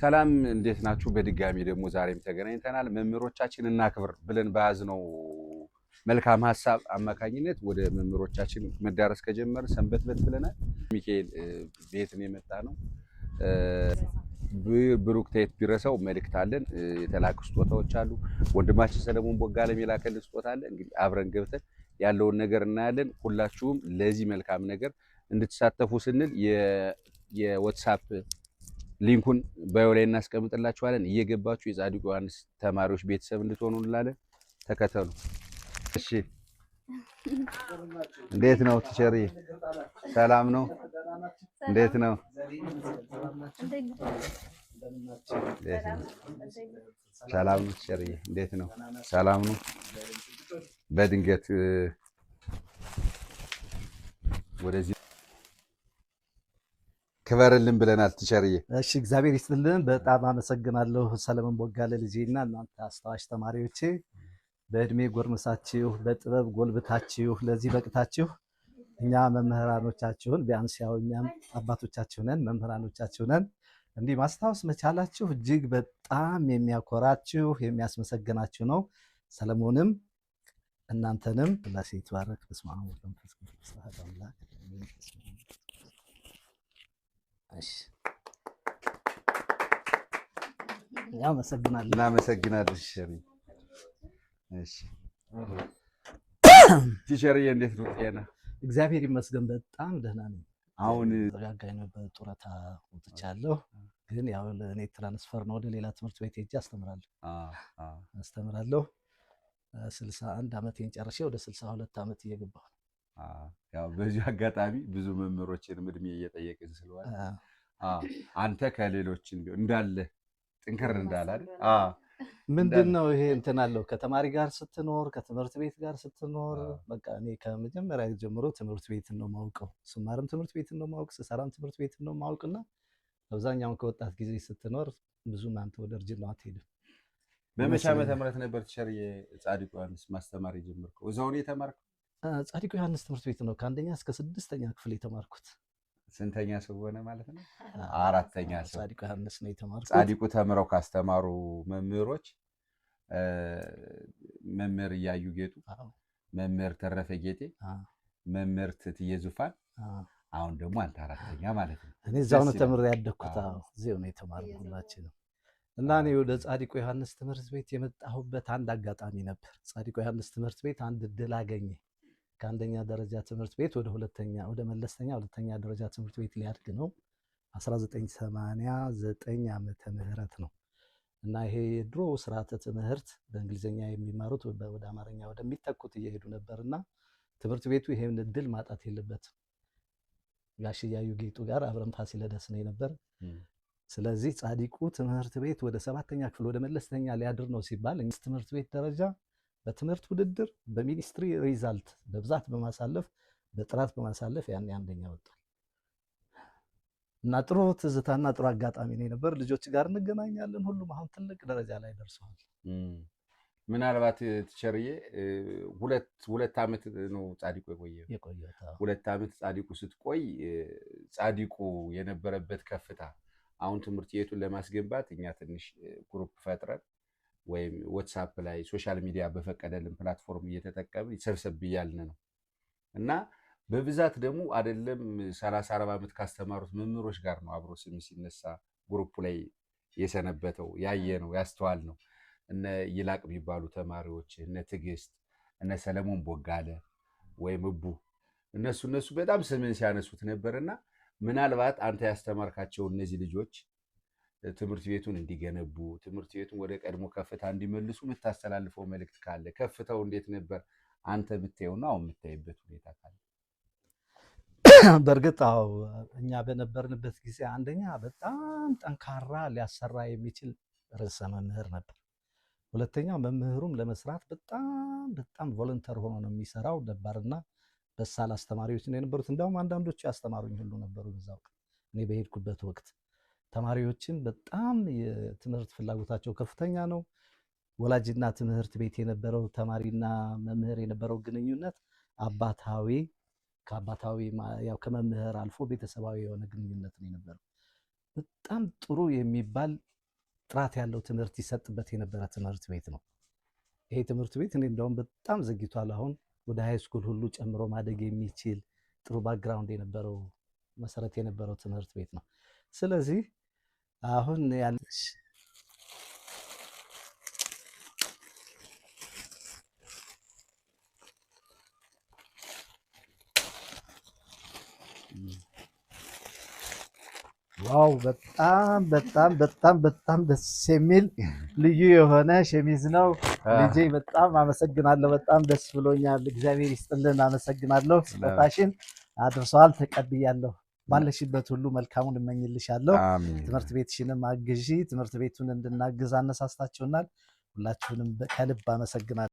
ሰላም እንዴት ናችሁ? በድጋሚ ደግሞ ዛሬም ተገናኝተናል። መምህሮቻችን እናክብር ብለን በያዝነው መልካም ሀሳብ አማካኝነት ወደ መምህሮቻችን መዳረስ ከጀመር በት ብለናል። ሚካኤል ቤትን የመጣ ነው። ብሩክታየት ቢረሰው መልእክት አለን። የተላኩ ስጦታዎች አሉ። ወንድማችን ሰለሞን ቦጋለም የላከልን ስጦታ አለ። እንግዲህ አብረን ገብተን ያለውን ነገር እናያለን። ሁላችሁም ለዚህ መልካም ነገር እንድትሳተፉ ስንል የዋትሳፕ ሊንኩን ባዮ ላይ እናስቀምጥላችኋለን። እየገባችሁ የጻድቁ ዮሐንስ ተማሪዎች ቤተሰብ እንድትሆኑ እንላለን። ተከተሉ። እሺ፣ እንዴት ነው ቲቸሪ? ሰላም ነው? እንዴት ነው? ሰላም ነው ቲቸሪ? እንዴት ነው? ሰላም ነው? በድንገት ወደዚህ ክበርልን ብለናል። ትቸርዬ እሺ፣ እግዚአብሔር ይስጥልን። በጣም አመሰግናለሁ ሰለሞን ቦጋለ ልጄና እናንተ አስታዋሽ ተማሪዎቼ በእድሜ ጎርምሳችሁ በጥበብ ጎልብታችሁ ለዚህ በቅታችሁ እኛ መምህራኖቻችሁን ቢያንስ ያው እኛም አባቶቻችሁ ነን፣ መምህራኖቻችሁ ነን። እንዲህ ማስታወስ መቻላችሁ እጅግ በጣም የሚያኮራችሁ የሚያስመሰግናችሁ ነው። ሰለሞንም እናንተንም ለሴት ባረክ በስመ አብ ወመንፈስ ቅዱስ አሐዱ አምላክ እናመሰግናለን። እናመሰግናለን። ቲቸርዬ እንዴት ነው ጤና? እግዚአብሔር ይመስገን በጣም ደህና ነኝ። አሁን ጋይ ነው። ጡረታ ወጥቻለሁ፣ ግን ያው ለእኔ ትራንስፈር ነው ወደ ሌላ ትምህርት ቤት ሄጄ አስተምራለሁ አስተምራለሁ። ስልሳ አንድ ዓመቴን ጨርሼ ወደ ስልሳ ሁለት ዓመት እየገባሁ ያው በዚሁ አጋጣሚ ብዙ መምህሮችንም እድሜ እየጠየቅን ስለሆነ አንተ ከሌሎች እንዳለ ጥንክር እንዳላል ምንድን ነው ይሄ እንትን አለው ከተማሪ ጋር ስትኖር ከትምህርት ቤት ጋር ስትኖር፣ በቃ እኔ ከመጀመሪያ ጀምሮ ትምህርት ቤት ነው ማውቀው። ስማርም ትምህርት ቤት ነው ማውቅ፣ ስሰራም ትምህርት ቤት ነው ማውቅና አብዛኛውን ከወጣት ጊዜ ስትኖር ብዙ አንተ ወደ እርጅናው አትሄድም። በመቼ ዓመተ ምህረት ነበር ቲቸር ጻድቁ ዮሐንስ ማስተማር የጀመርከው? እዛው ነው የተማርከው? ጻድቁ ዮሐንስ ትምህርት ቤት ነው ከአንደኛ እስከ ስድስተኛ ክፍል የተማርኩት። ስንተኛ ሰው ሆነ ማለት ነው? አራተኛ ሰው ጻድቁ ዮሐንስ ነው የተማርኩት። ጻድቁ ተምረው ካስተማሩ መምህሮች መምህር እያዩ ጌጡ፣ መምህር ተረፈ ጌጤ፣ መምህር ትትዬ ዙፋን፣ አሁን ደግሞ አንተ አራተኛ ማለት ነው። እኔ እዛው ነው ተምሬ ያደግኩት። እዚያው ነው የተማርነው ሁላችንም። እና እኔ ወደ ጻድቁ ዮሐንስ ትምህርት ቤት የመጣሁበት አንድ አጋጣሚ ነበር። ጻድቁ ዮሐንስ ትምህርት ቤት አንድ እድል አገኘ። ከአንደኛ ደረጃ ትምህርት ቤት ወደ ሁለተኛ ወደ መለስተኛ ሁለተኛ ደረጃ ትምህርት ቤት ሊያድግ ነው። 1989 ዓመተ ምህረት ነው እና ይሄ የድሮ ስርዓተ ትምህርት በእንግሊዝኛ የሚማሩት ወደ አማርኛ ወደሚተኩት እየሄዱ ነበር እና ትምህርት ቤቱ ይሄን እድል ማጣት የለበትም። ጋሽ እያዩ ጌጡ ጋር አብረን ፋሲለደስ ነው የነበር። ስለዚህ ጻዲቁ ትምህርት ቤት ወደ ሰባተኛ ክፍል ወደ መለስተኛ ሊያድር ነው ሲባል ትምህርት ቤት ደረጃ በትምህርት ውድድር በሚኒስትሪ ሪዛልት በብዛት በማሳለፍ በጥራት በማሳለፍ ያኔ አንደኛ ወጣል እና ጥሩ ትዝታና ጥሩ አጋጣሚ ነው የነበር። ልጆች ጋር እንገናኛለን። ሁሉም አሁን ትልቅ ደረጃ ላይ ደርሰዋል። ምናልባት ትቸርዬ ሁለት ዓመት ነው ጻዲቁ የቆየ ሁለት ዓመት ጻዲቁ ስትቆይ ጻዲቁ የነበረበት ከፍታ አሁን ትምህርት ቤቱን ለማስገንባት እኛ ትንሽ ግሩፕ ፈጥረን ወይም ዋትሳፕ ላይ ሶሻል ሚዲያ በፈቀደልን ፕላትፎርም እየተጠቀምን ሰብሰብ እያልን ነው እና በብዛት ደግሞ አይደለም ሰላሳ አርባ ዓመት ካስተማሩት መምህሮች ጋር ነው አብሮ ስም ሲነሳ ግሩፕ ላይ የሰነበተው ያየ ነው ያስተዋል ነው። እነ ይላቅ የሚባሉ ተማሪዎች እነ ትግስት እነ ሰለሞን ቦጋለ ወይም እቡ እነሱ እነሱ በጣም ስምን ሲያነሱት ነበርና ምናልባት አንተ ያስተማርካቸው እነዚህ ልጆች ትምህርት ቤቱን እንዲገነቡ ትምህርት ቤቱን ወደ ቀድሞ ከፍታ እንዲመልሱ የምታስተላልፈው መልእክት ካለ ከፍታው እንዴት ነበር አንተ የምታየውና አሁን የምታይበት ሁኔታ ካለ? በእርግጥ አዎ፣ እኛ በነበርንበት ጊዜ አንደኛ በጣም ጠንካራ ሊያሰራ የሚችል ርዕሰ መምህር ነበር። ሁለተኛ መምህሩም ለመስራት በጣም በጣም ቮለንተር ሆኖ ነው የሚሰራው። ነበርና በሳል አስተማሪዎች ነው የነበሩት። እንዲሁም አንዳንዶቹ ያስተማሩኝ ሁሉ ነበሩ በዛ ወቅት እኔ በሄድኩበት ወቅት ተማሪዎችን በጣም የትምህርት ፍላጎታቸው ከፍተኛ ነው። ወላጅና ትምህርት ቤት የነበረው ተማሪና መምህር የነበረው ግንኙነት አባታዊ ከአባታዊ ያው ከመምህር አልፎ ቤተሰባዊ የሆነ ግንኙነት ነው የነበረው። በጣም ጥሩ የሚባል ጥራት ያለው ትምህርት ይሰጥበት የነበረ ትምህርት ቤት ነው። ይሄ ትምህርት ቤት እኔ እንደውም በጣም ዘግቷል አሁን ወደ ሃይስኩል ሁሉ ጨምሮ ማደግ የሚችል ጥሩ ባክግራውንድ የነበረው መሰረት የነበረው ትምህርት ቤት ነው። ስለዚህ አሁን ያለሽ ዋው በጣም በጣም በጣም በጣም ደስ የሚል ልዩ የሆነ ሸሚዝ ነው። ልጄ በጣም አመሰግናለሁ። በጣም ደስ ብሎኛል። እግዚአብሔር ይስጥልን። አመሰግናለሁ። ስጦታሽን አድርሰዋል። ተቀብያለሁ። ባለሽበት ሁሉ መልካሙን እመኝልሻለሁ። ትምህርት ቤትሽንም አግዢ፣ ትምህርት ቤቱን እንድናግዝ አነሳስታችሁናል። ሁላችሁንም ከልብ አመሰግናለሁ።